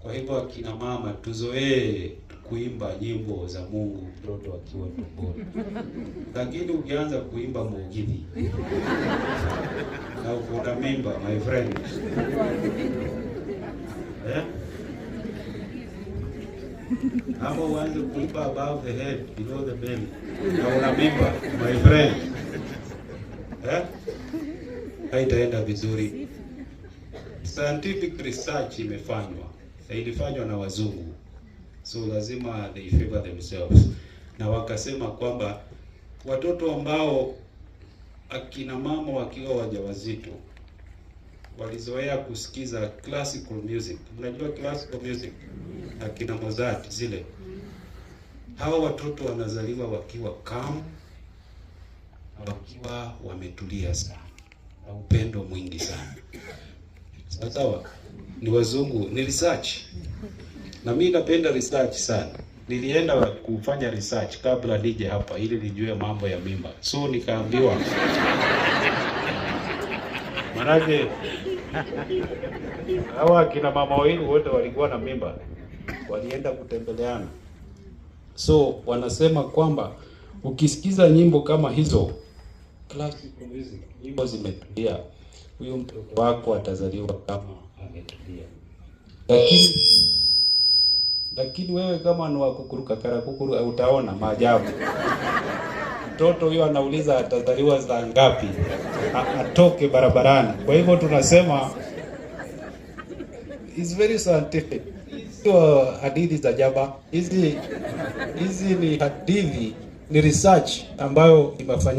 Kwa hivyo akina mama, tuzoee kuimba nyimbo za Mungu mtoto akiwa tumboni, lakini ukianza kuimba mugithi na ukuna mimba, my friend eh? Ama uanze kuimba above the head below the belly na una mimba, my friend eh? Haitaenda vizuri. Scientific research imefanywa Eh, ilifanywa na wazungu, so lazima they favor themselves, na wakasema kwamba watoto ambao akina mama wakiwa wajawazito walizoea kusikiza classical music. Mnajua classical music, akina Mozart zile, hawa watoto wanazaliwa wakiwa calm, wakiwa wametulia sana na upendo mwingi sana sawa sawa ni wazungu, ni research. Na mimi napenda research sana. Nilienda kufanya research kabla nije hapa ili nijue mambo ya mimba. So nikaambiwa Manake hawa kina mama wawili wote walikuwa na mimba, walienda kutembeleana. So wanasema kwamba ukisikiza nyimbo kama hizo classical music, nyimbo zimetulia, huyo mtoto wako atazaliwa kama ametulia. Lakini lakini wewe kama ni wakukuru kakara kukuru utaona maajabu. Mtoto huyo anauliza atazaliwa za ngapi? Atoke barabarani. Kwa hivyo tunasema is very scientific. Hizo hadithi za jaba hizi hizi ni hadithi, ni research ambayo imefanyika.